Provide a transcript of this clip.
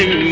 in